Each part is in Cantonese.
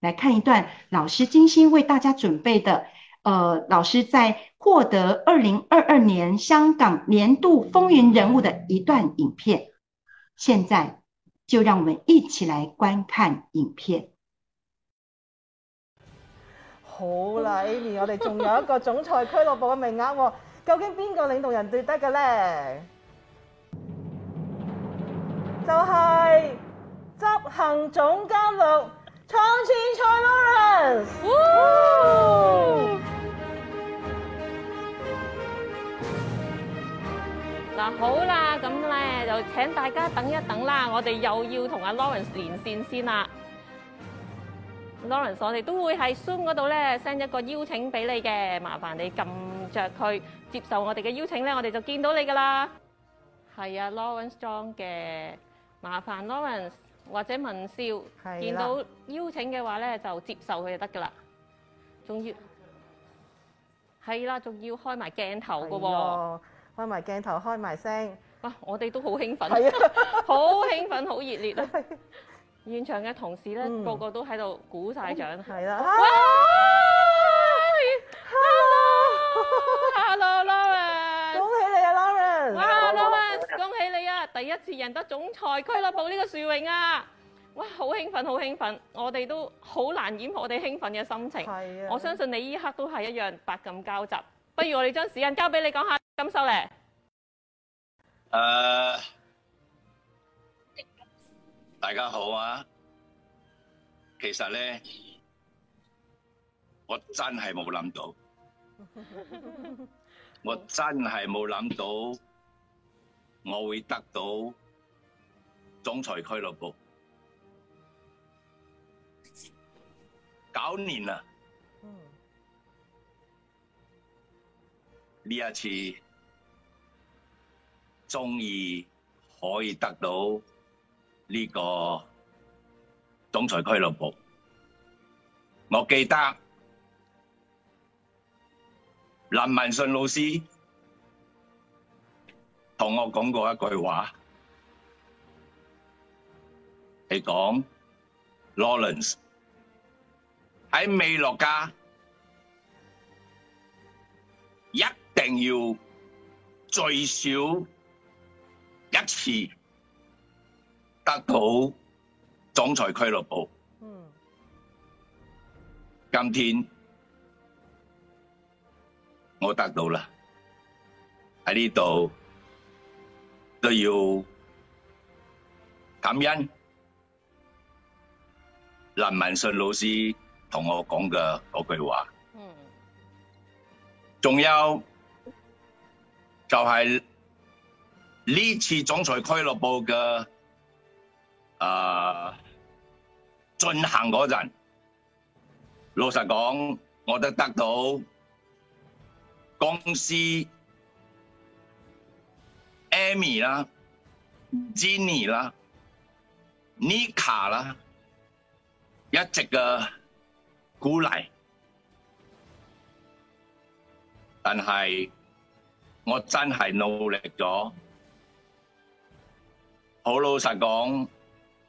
來看一段老師精心為大家準備的，呃，老師在獲得二零二二年香港年度風雲人物的一段影片。現在就讓我們一起來觀看影片。好啦，Amy，我哋仲有一個總裁俱樂部嘅名額，哦， 究竟邊個領導人奪得嘅呢？就係、是、執行總監六。重慶，重慶人。嗱，好啦，咁咧就請大家等一等啦，我哋又要同阿 Lawrence 連線先啦。Lawrence，我哋都會喺 Zoom 嗰度咧 send 一個邀請俾你嘅，麻煩你撳著佢接受我哋嘅邀請咧，我哋就見到你噶啦。係啊，Lawrence 強嘅，麻煩 Lawrence。或者問笑，見到邀請嘅話咧，就接受佢就得噶啦。仲要係啦，仲要開埋鏡頭噶喎。哦，開埋鏡頭，開埋聲。啊！我哋都好興奮，好 興奮，好熱烈啊！現場嘅同事咧，嗯，個個都喺度鼓晒掌。係、嗯、啦。 第一次贏得總裁俱樂部呢個殊榮啊！哇，好興奮，好興奮！我哋都好難掩我哋興奮嘅心情。係啊！我相信你依刻都係一樣百感交集。不如我哋將時間交俾你講下感受咧。誒，uh, 大家好啊！其實咧，我真係冇諗到， 我真係冇諗到。我會得到總裁俱樂部九年喇！呢一次終於可以得到呢個總裁俱樂部。我記得林文信老師，同我講過一句話，係講 Lawrence 喺美樂家，一定要最少一次得到總裁俱樂部。嗯，今天我得到啦，喺呢度。都要感恩林文信老師同我講嘅嗰句話。嗯。仲有就係呢次總裁俱樂部嘅啊進行嗰陣，老實講，我都得，得到公司。Amy 啦，Jenny 啦，Nika 啦，一直嘅鼓勵，但係我真係努力咗，好老實講，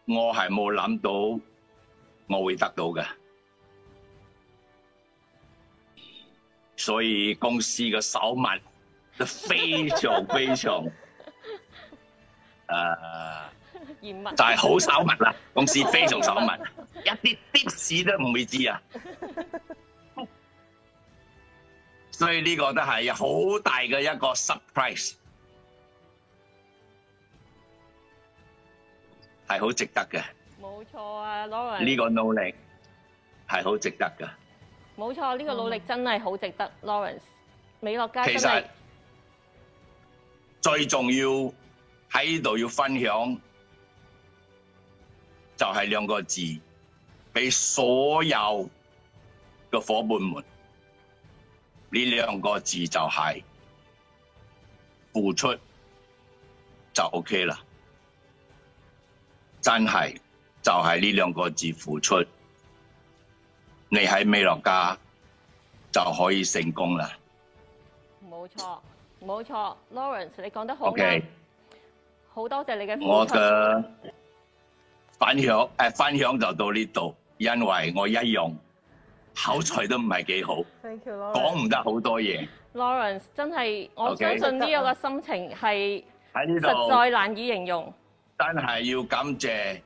我係冇諗到我會得到嘅，所以公司嘅手物都非常非常。誒，就係好守密啦，公司非常守密，一啲啲事都唔會知啊。所以呢個都係好大嘅一個 surprise，係好值得嘅。冇錯啊，Lawrence，呢個努力係好值得噶。冇錯，呢個努力真係好值得，Lawrence。美樂家其實最重要，喺度要分享就係兩個字，俾所有嘅伙伴們，呢兩個字就係付出就 OK 啦。真係就係呢兩個字付出，你喺美樂家就可以成功啦。冇錯，冇錯，Lawrence 你講得好。O K。好多謝你嘅分享。我嘅分享誒，分享就到呢度，因為我一樣口才都唔係幾好，講唔得好多嘢。Lawrence，真係，我相信呢個嘅心情係喺呢度實在難以形容。但係要感謝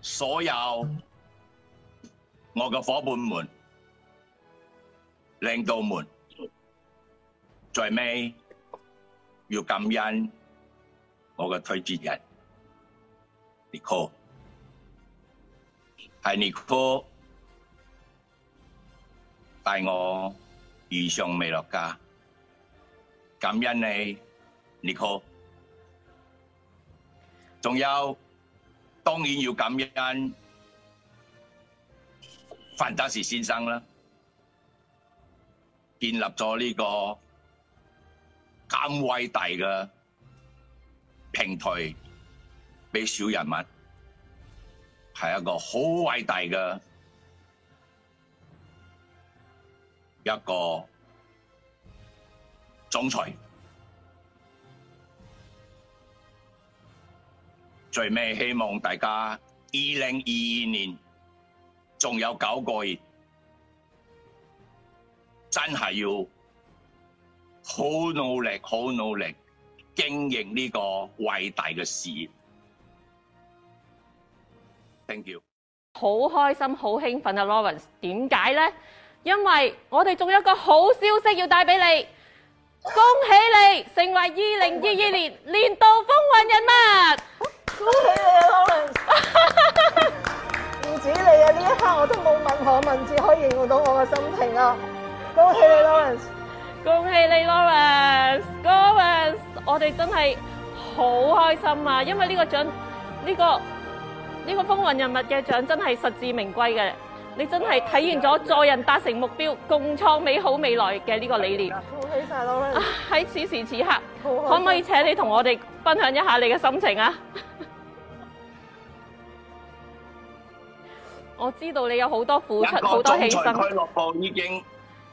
所有我嘅夥伴們、領導們，最尾。要感恩我嘅推薦人尼克，係尼克帶我遇上美樂家，感恩你尼克，仲有當然要感恩范德士先生啦，建立咗呢個。咁偉大嘅平台俾小人物，係一個好偉大嘅一個總裁。最尾希望大家二零二二年仲有九個月，真係要。好努力，好努力經營呢個偉大嘅事業。Thank you。好開心，好興奮啊，Lawrence！點解咧？因為我哋仲有一個好消息要帶俾你。恭喜你成為二零二二年年度風雲人物。 恭喜你啊，Lawrence！唔 止你啊，呢一刻我都冇問我文字可以形容到我嘅心情啦，啊。恭喜你，Lawrence！恭喜你，Lawrence，Lawrence，我哋真係好開心啊！因為呢個獎，呢個呢個風雲人物嘅獎真係實至名歸嘅。你真係體現咗助人達成目標、共創美好未來嘅呢個理念。恭喜晒，Lawrence！喺此時此刻，可唔可以請你同我哋分享一下你嘅心情啊？ 我知道你有好多付出，好多犧牲。一個總裁俱樂部已經。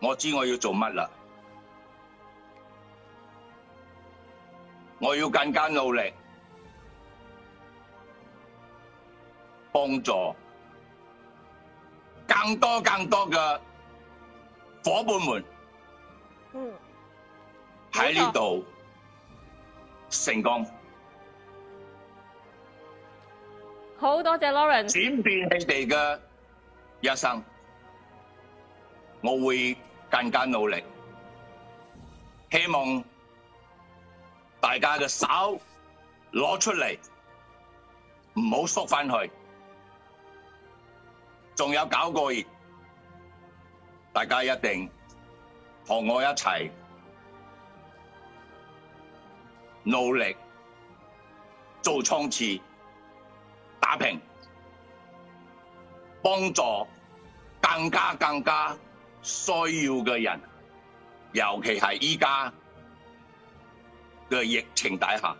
我知我要做乜啦，我要更加努力，幫助更多更多嘅伙伴們，喺呢度成功。好多謝 Lauren，轉變你哋嘅一生。我會更加努力，希望大家嘅手攞出嚟，唔好縮返去。仲有九個月，大家一定同我一齊努力做衝刺、打拼、幫助，更加更加。需要嘅人，尤其係依家嘅疫情底下，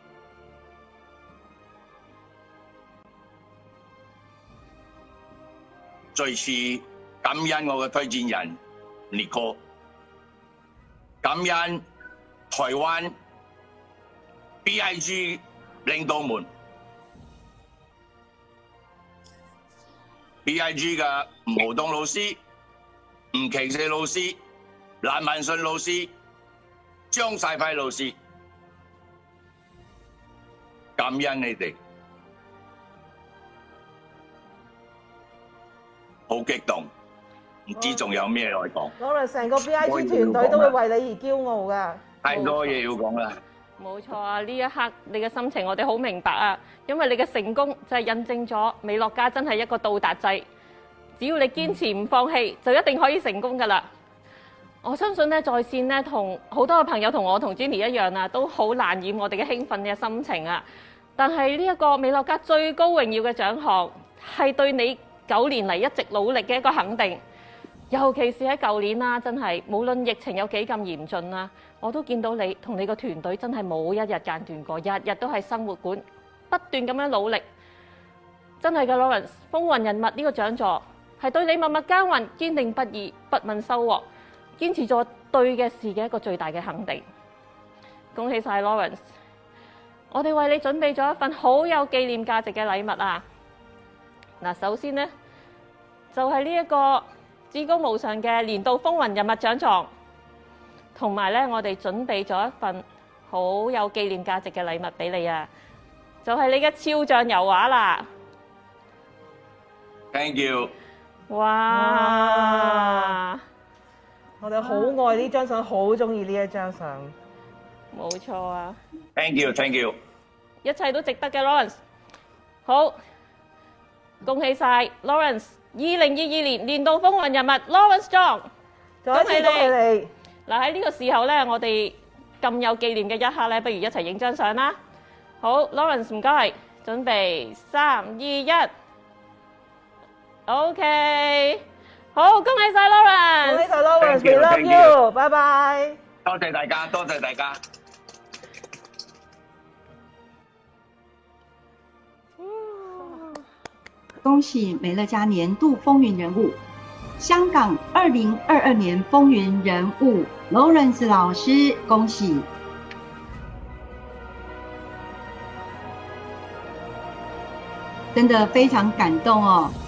再次感恩我嘅推薦人尼克，感恩台灣 BIG 領導們，BIG 嘅毛東老師。吳其時老師、賴文信老師、張世輝老師，感恩你哋，好激動，唔知仲有咩來講。我哋成個 BIG 團隊都會為你而驕傲噶，太多嘢要講啦。冇錯啊！呢一刻你嘅心情，我哋好明白啊！因為你嘅成功，就係印證咗美樂家真係一個到達制。只要你堅持唔放棄，就一定可以成功噶啦！我相信咧，在線咧同好多嘅朋友同我同 Jenny 一樣啊，都好難掩我哋嘅興奮嘅心情啊！但係呢一個美樂家最高榮耀嘅獎項，係對你九年嚟一直努力嘅一個肯定。尤其是喺舊年啦、啊，真係無論疫情有幾咁嚴峻啦、啊，我都見到你同你個團隊真係冇一日間斷過，日日都係生活館不斷咁樣努力，真係嘅 Lawrence 風雲人物呢個獎座，係對你默默耕耘、堅定不移、不問收穫、堅持做對嘅事嘅一個最大嘅肯定，恭喜晒 Lawrence！我哋為你準備咗一份好有紀念價值嘅禮物啊！嗱，首先呢，就係呢一個至高無上嘅年度風雲人物獎狀，同埋咧我哋準備咗一份好有紀念價值嘅禮物俾你啊！就係你嘅超像油畫啦！Thank you。哇！我哋好愛呢張相，好中意呢一張相，冇錯啊！Thank you，Thank you，一切都值得嘅，Lawrence。好，恭喜曬，Lawrence，二零二二年年度風雲人物，Lawrence John，恭喜你！嗱，喺呢個時候咧，我哋咁有紀念嘅一刻咧，不如一齊影張相啦！好，Lawrence 唔該，準備三二一。OK，好，恭喜晒 Lawrence，恭喜晒 Lawrence，We love you，拜拜。多謝大家，多謝大家、嗯。恭喜美樂家年度風雲人物，香港二零二二年風雲人物 Lawrence 老師，恭喜！真的非常感動哦。